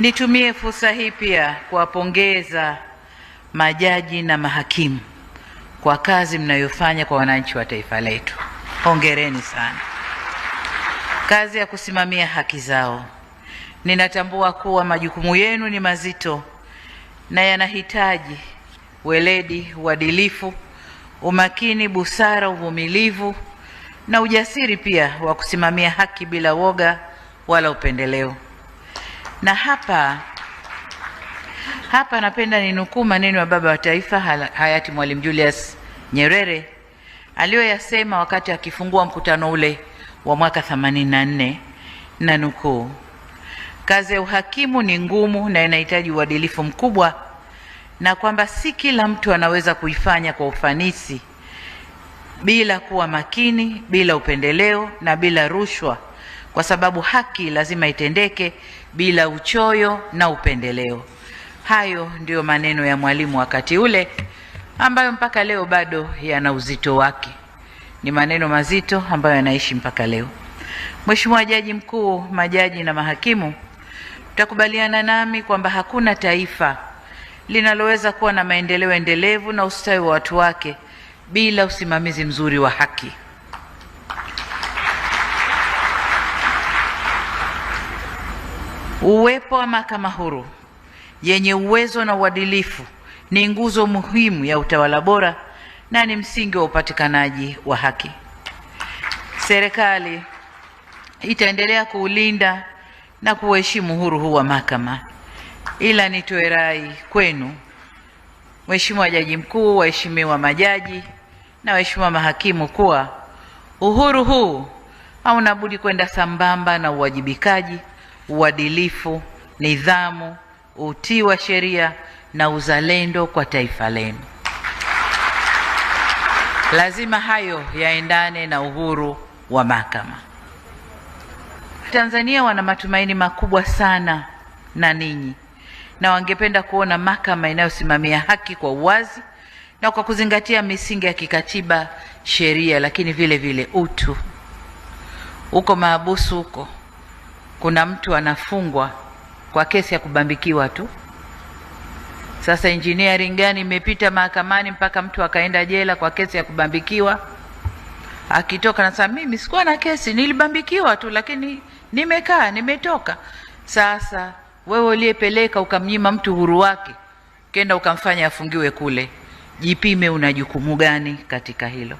Nitumie fursa hii pia kuwapongeza majaji na mahakimu kwa kazi mnayofanya kwa wananchi wa taifa letu. Hongereni sana. Kazi ya kusimamia haki zao. Ninatambua kuwa majukumu yenu ni mazito na yanahitaji weledi, uadilifu, umakini, busara, uvumilivu na ujasiri pia wa kusimamia haki bila woga wala upendeleo. Na hapa hapa napenda ninukuu maneno ya baba wa taifa hayati Mwalimu Julius Nyerere aliyoyasema wakati akifungua mkutano ule wa mwaka 84 na nukuu, kazi ya uhakimu ni ngumu na inahitaji uadilifu mkubwa, na kwamba si kila mtu anaweza kuifanya kwa ufanisi bila kuwa makini, bila upendeleo na bila rushwa, kwa sababu haki lazima itendeke bila uchoyo na upendeleo. Hayo ndiyo maneno ya Mwalimu wakati ule ambayo mpaka leo bado yana uzito wake. Ni maneno mazito ambayo yanaishi mpaka leo. Mheshimiwa Jaji Mkuu, majaji na mahakimu, mtakubaliana nami kwamba hakuna taifa linaloweza kuwa na maendeleo endelevu na ustawi wa watu wake bila usimamizi mzuri wa haki. Uwepo wa mahakama huru yenye uwezo na uadilifu ni nguzo muhimu ya utawala bora na ni msingi wa upatikanaji wa haki. Serikali itaendelea kuulinda na kuheshimu uhuru huu wa mahakama, ila nitoe rai kwenu, Mheshimiwa Jaji Mkuu, waheshimiwa majaji na waheshimiwa mahakimu, kuwa uhuru huu hauna budi kwenda sambamba na uwajibikaji uadilifu, nidhamu, utii wa sheria na uzalendo kwa taifa lenu. Lazima hayo yaendane na uhuru wa mahakama. Tanzania wana matumaini makubwa sana na ninyi, na wangependa kuona mahakama inayosimamia haki kwa uwazi na kwa kuzingatia misingi ya kikatiba, sheria, lakini vile vile utu. Uko mahabusu huko kuna mtu anafungwa kwa kesi ya kubambikiwa tu. Sasa engineering gani imepita mahakamani mpaka mtu akaenda jela kwa kesi ya kubambikiwa? Akitoka nasema mimi sikuwa na kesi, nilibambikiwa tu, lakini nimekaa nimetoka. Sasa wewe uliyepeleka ukamnyima mtu uhuru wake, kenda ukamfanya afungiwe kule, jipime, una jukumu gani katika hilo?